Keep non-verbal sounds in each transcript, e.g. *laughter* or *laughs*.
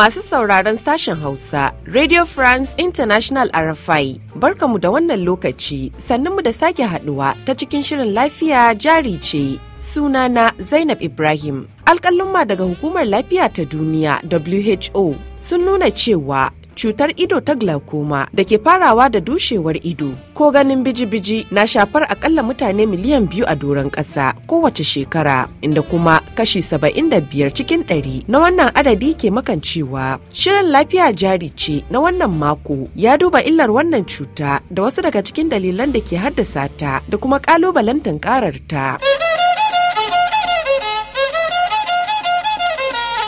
Masu sauraron sashen Hausa, Radio France International RFI, mu da wannan lokaci, mu da sake haduwa ta cikin shirin lafiya jari ce. Sunana Zainab Ibrahim. Alƙalumma daga Hukumar Lafiya ta Duniya WHO sun nuna cewa cutar ido ta glaucoma da ke farawa da dushewar ido ko ganin biji-biji na shafar akalla mutane miliyan biyu a doron ƙasa kowace shekara inda kuma kashi 75 cikin 100 na wannan adadi ke makancewa. Shirin lafiya jari ce na wannan mako ya duba illar wannan cuta da wasu daga cikin dalilan da ke haddasa ta da kuma kalubalen tunkararta. ta.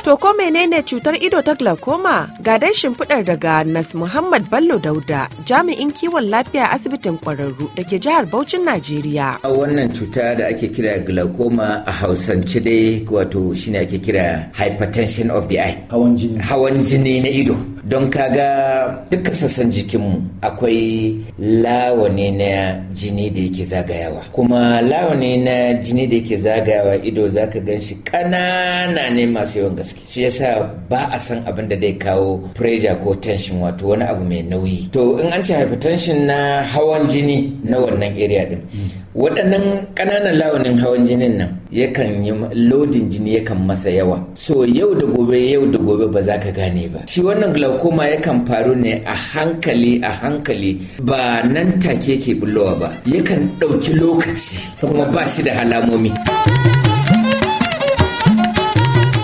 To ko menene cutar ido ta glaucoma? Ga dai shimfiɗar daga Nas Muhammad Bello Dauda, jami'in kiwon lafiya asibitin ƙwararru da ke jihar Bauchin Najeriya. Wannan cuta da ake kira glaucoma a Hausance dai wato shine ake kira hypertension of the eye. Hawan jini. Hawan jini na ido. don kaga duka sassan jikinmu akwai lawane na jini da yake zagayawa kuma lawane na jini da yake zagayawa ido zaka gan shi ƙanana ne masu yawan gaske shi yasa ba a san abin da zai kawo pressure ko tension wato wani abu mai nauyi to in an ce hypertension na hawan jini na wannan area din waɗannan ƙananan launin hawan jinin nan yakan yi lodin jini yakan masa yawa so yau da gobe yau da gobe ba za ka gane ba shi wannan glaucoma yakan faru ne a hankali a hankali ba nan take ke bullowa ba yakan ɗauki lokaci kuma ba shi da alamomi.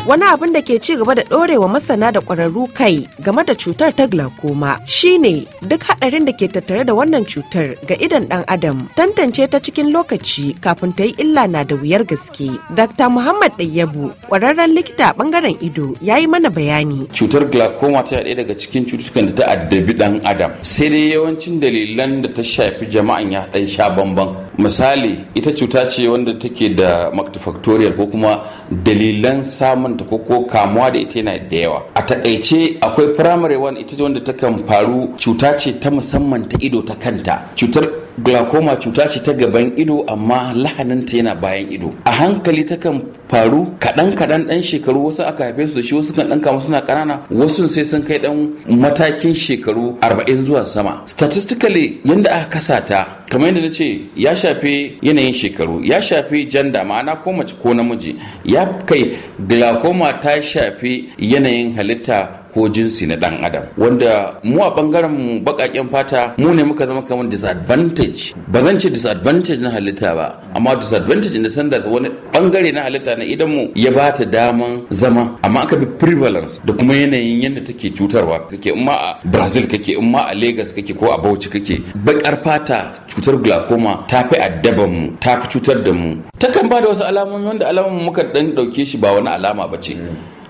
wani abin da ke ci gaba da ɗorewa masana da ƙwararru kai game da cutar ta glaucoma shine duk haɗarin da ke tattare da wannan cutar ga idan ɗan adam tantance ta cikin lokaci kafin ta yi illa na da wuyar gaske dr muhammad ɗayyabu ƙwararren likita a ɓangaren ido ya yi mana bayani cutar glaucoma ta ɗaya daga cikin cututtukan da ta addabi ɗan adam sai dai yawancin dalilan da ta shafi jama'an ya ɗan sha bambam misali ita cuta ce wanda take da multifactorial ko kuma dalilan samunta ko ko kamuwa da ita yana da yawa a takaice akwai primary one ita wanda takan faru cuta ce ta musamman ta ido ta kanta cutar glaucoma cuta ce ta gaban ido amma lahaninta yana bayan ido a hankali takan faru kaɗan kaɗan ɗan shekaru wasu aka haife su da shi wasu kan ɗan kama suna kanana wasu sai sun kai ɗan matakin shekaru 40 zuwa sama statistically yanda aka kasa ta kamar yadda na ce ya shafi yanayin shekaru ya shafi janda ma'ana ko mace ko namiji ya kai glaucoma ta shafi yanayin halitta ko jinsi na dan adam wanda mu a bangaren bakaken fata mu ne muka zama kamar disadvantage ba zan ce disadvantage na halitta ba amma disadvantage in sanda wani bangare na halitta na idan mu ya ba ta daman zama amma aka bi prevalence da kuma yanayin yadda take cutarwa kake in ma a Brazil kake in ma a Lagos kake ko a Bauchi kake bakar fata cutar glaucoma ta fi addaban mu ta fi cutar da mu takan ba da wasu alamomi wanda alamomin muka dan dauke shi ba wani alama ba ce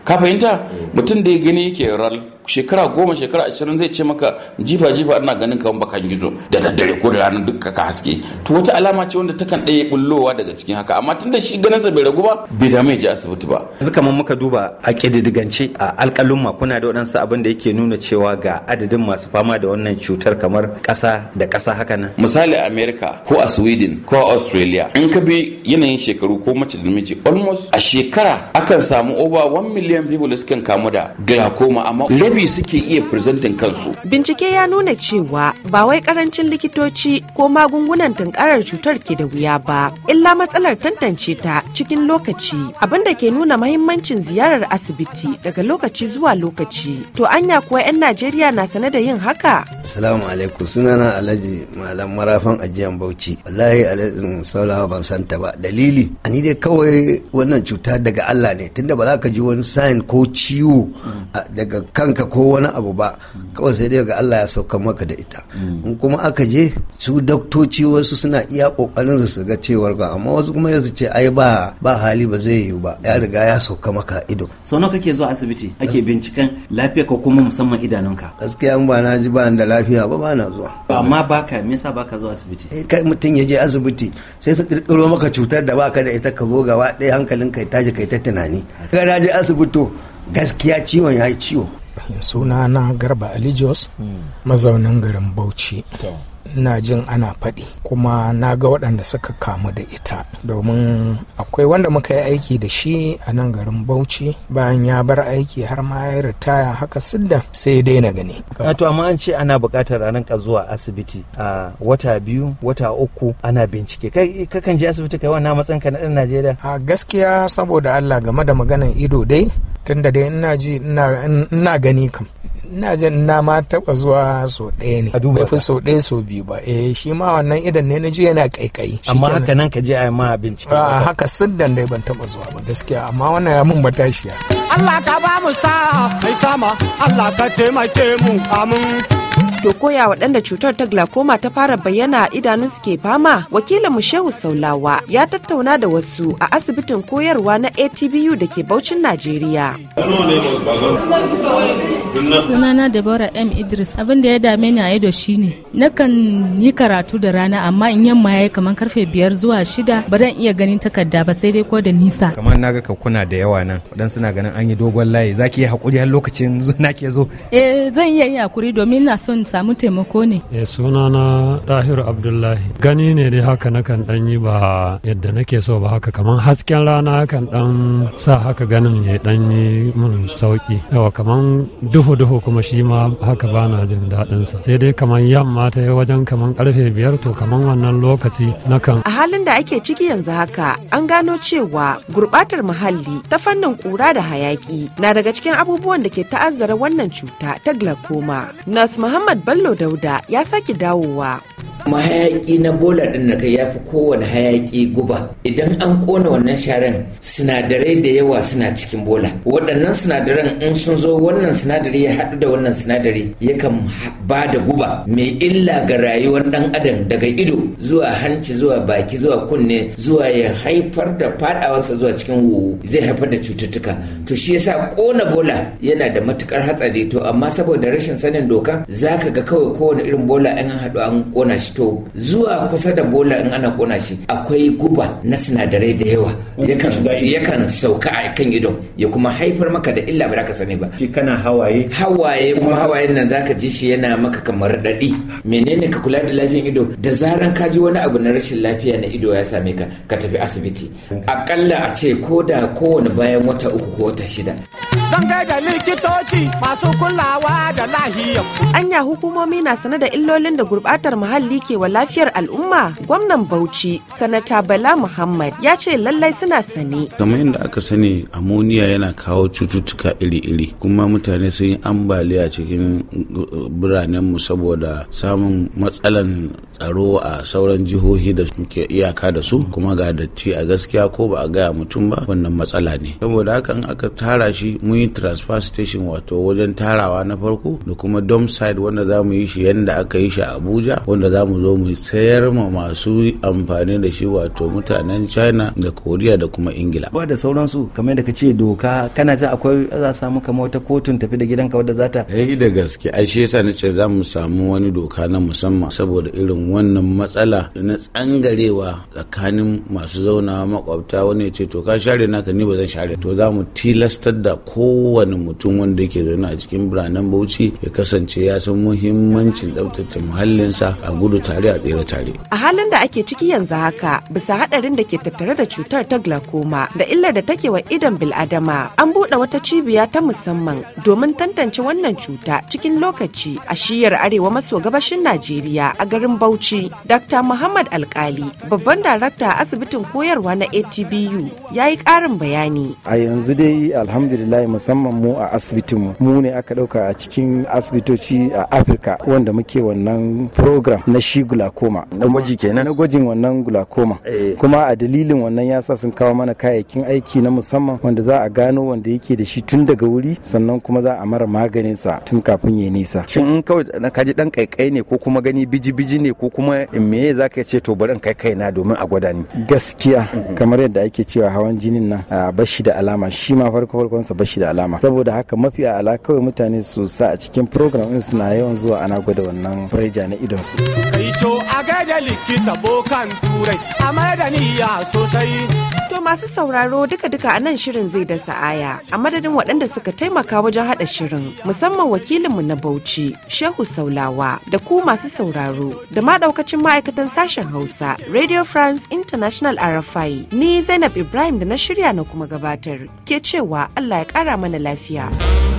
ka fahimta mutum da ya gani yake ral shekara goma shekara ashirin zai ce maka jifa jifa ana ganin kamar bakan gizo da daddare ko da ranar duk ka haske to wata alama ce wanda takan ɗaya bullowa daga cikin haka amma tun da shi ganin sa bai ragu ba bai da mai ji asibiti ba yanzu kamar muka duba a kididigance a alƙalumma kuna da waɗansu abin da yake nuna cewa ga adadin masu fama da wannan cutar kamar ƙasa da ƙasa haka nan misali a america ko a sweden ko a australia in ka bi yanayin shekaru ko mace da namiji almost a shekara akan samu over 1 million people da sukan kamu da glaucoma amma bi suke iya presenting kansu. Bincike ya nuna cewa ba wai karancin likitoci ko magungunan tunkarar cutar ke da wuya ba, illa matsalar tantance ta cikin lokaci abin da ke nuna mahimmancin ziyarar asibiti daga lokaci zuwa lokaci. To anya kuwa 'yan Najeriya na sane da yin haka? Assalamu alaikum sunana Alhaji Malam Marafan Ajiyan Bauchi. Wallahi alaikum Saulawa ban santa ba. Dalili, ni dai kawai wannan cuta daga Allah ne tunda ba za ka ji wani sign ko ciwo daga kanka ko wani abu ba kawai sai dai ga Allah ya sauka maka da ita in kuma aka je su doktoci wasu suna iya kokarin su ga cewar ga amma wasu kuma yanzu ce ai ba ba hali ba zai yiwu ba ya riga ya sauka maka ido sau nawa kake zuwa asibiti ake binciken lafiya ko kuma musamman idanunka gaskiya in ba na ji ba da lafiya ba ba na zuwa amma baka me yasa baka zuwa asibiti eh kai mutum ya je asibiti sai su kirkiro maka cutar da baka da ita ka zo gaba ɗaya hankalin kai taji kai ta tunani ga na je asibito gaskiya ciwon ya yi ciwo suna na garba alijos hmm. mazaunin garin bauchi ina jin ana faɗi kuma na ga waɗanda suka kamu da ita domin akwai wanda muka yi aiki da shi a nan garin bauchi bayan ya bar aiki har ma ya ritaya haka sidda sai dai na gani to amma an ce ana buƙatar a rinka zuwa asibiti a wata biyu wata uku ana bincike kakan je asibiti kai wannan matsan ka na ɗan najeriya a gaskiya saboda allah game da maganar ido dai tunda dai ina ji ina gani kam ina jin na ma taba zuwa so ɗaya ne bai fi so ɗaya so biyu ba eh shi ma wannan idan ne na ji yana kaikayi amma haka nan ka je a ma bincike a ah, haka siddan dai ban taba zuwa ba gaskiya amma wannan ya mun matashiya Allah ka ba mu sa mai sama Allah ka taimake mu amin To koya waɗanda cutar ta glaucoma ta fara bayyana idanun su ke fama? Wakilin mu Shehu Saulawa ya tattauna da wasu a asibitin koyarwa na ATBU da ke Baucin Najeriya. Sunana Deborah M. Idris abin da ya dame ni a ido shine nakan yi karatu da rana amma in yamma ya yi kamar karfe biyar zuwa shida ba dan iya ganin takarda ba sai dai ko da nisa. Kamar na ga kuna da yawa nan wadan suna ganin an yi dogon layi zaki yi hakuri har lokacin na *laughs* ke zo. Eh zan iya yi hakuri domin na son samu taimako ne e sunana dahiru abdullahi gani ne dai haka kan dan yi ba yadda nake so ba haka kaman hasken rana kan dan sa haka ganin ya dan yi mun sauki yawa kaman duhu duhu kuma shi ma haka bana jin daɗin sa sai dai kaman yamma ta yi wajen kaman karfe biyar to kaman wannan lokaci na kan a halin da ake ciki yanzu haka an gano cewa gurbatar muhalli ta fannin kura da hayaki na daga cikin abubuwan da ke ta'azzara wannan cuta ta glaucoma nas muhammad Bello Dauda ya sake dawowa. kuma na bola din na kai ya fi kowane hayaki guba idan an kona wannan sharan sinadarai da yawa suna cikin bola waɗannan sinadaran in sun zo wannan sinadari ya haɗu da wannan sinadari yakan ba da guba mai illa ga rayuwar ɗan adam daga ido zuwa hanci zuwa baki zuwa kunne zuwa ya haifar da faɗawarsa zuwa cikin huhu zai haifar da cututtuka to shi yasa kona bola yana da matukar hatsari to amma saboda rashin sanin doka zaka ga kawai kowane irin bola an haɗu an kona shi to zuwa kusa da bola in ana kona shi akwai guba na sinadarai da yawa yakan sauka a kan ido ya kuma haifar maka da illa ba ka sani ba shi kana hawaye hawaye kuma hawayen nan zaka ji shi yana maka kamar daɗi menene ka kula da lafiyan ido da zaran ka ji wani abu na rashin lafiya na ido ya same ka ka tafi asibiti akalla a ce ko da kowane bayan wata uku ko wata shida zan da likitoci masu kulawa da lahiyar anya hukumomi na sane da illolin da gurbatar muhalli wa lafiyar al'umma gwamnan bauchi sanata bala muhammad ya ce lallai suna sane kamar yadda aka sani amoniya yana kawo cututtuka iri-iri kuma mutane sun yi ambaliya cikin uh, biranenmu saboda samun matsalan tsaro a sauran jihohi da muke iyaka da su kuma ga datti a gaskiya ko ba a gaya mutum ba wannan matsala ne saboda haka in aka tara shi mun yi transfer station wato wajen tarawa na farko da kuma dom side wanda za mu yi shi yadda aka yi shi a abuja wanda za mu zo mu sayar ma masu amfani da shi wato mutanen china da koriya da kuma ingila ba da sauransu kamar da ka ce doka kana ji akwai za samu kamar wata kotun tafi da gidanka wadda za ta yi. Eh, da gaske ai shi yasa nace za mu samu wani doka na musamman saboda irin wannan matsala na tsangarewa tsakanin masu zauna makwabta wani ya ce to ka share naka ni ba zan share to za mu tilastar da kowane mutum wanda yake zaune a cikin biranen bauchi ya kasance ya san muhimmancin tsabtace muhallinsa a gudu tare a tsere tare a halin da ake ciki yanzu haka bisa hadarin da ke tattare da cutar ta glaucoma da illar da take wa idon bil'adama an buɗe wata cibiya ta musamman domin tantance wannan cuta cikin lokaci a shiyar arewa maso gabashin najeriya a garin bauchi Bauchi, Dr. Muhammad Alkali, babban darakta a asibitin koyarwa na ATBU, ya yi ƙarin bayani. A yanzu dai alhamdulillah musamman mu a asibitin mu ne aka ɗauka a cikin asibitoci a Afirka wanda muke wannan program na shi glaucoma. Na gwaji kenan? Na gwajin wannan glaucoma. Eh. Kuma a dalilin wannan ya sa sun kawo mana kayayyakin aiki na musamman wanda za a gano wanda yake da shi tun daga wuri sannan kuma za a mara maganinsa tun kafin ya nisa. Shin in kawai na kaji ɗan ƙaiƙai ne ko kuma gani biji-biji ne ko ko kuma me za ka ce to bari in kai kaina domin a gwada ni gaskiya mhm. kamar yadda ake cewa hawan jinin nan bashi da alama shi ma farko farkon sa bashi da alama saboda haka mafi ala kawai mutane su sa a cikin program din suna yawan zuwa ana gwada wannan preja na idon su kai to a gaida likita bokan turai a da niyya sosai masu sauraro duka-duka a nan shirin zai da sa'aya a madadin waɗanda suka taimaka wajen haɗa shirin musamman wakilinmu na Bauchi, Shehu Saulawa da ku masu sauraro da ma ɗaukacin ma'aikatan sashen Hausa, Radio France International RFI, ni Zainab Ibrahim da na shirya na kuma gabatar, ke cewa Allah ya kara mana lafiya.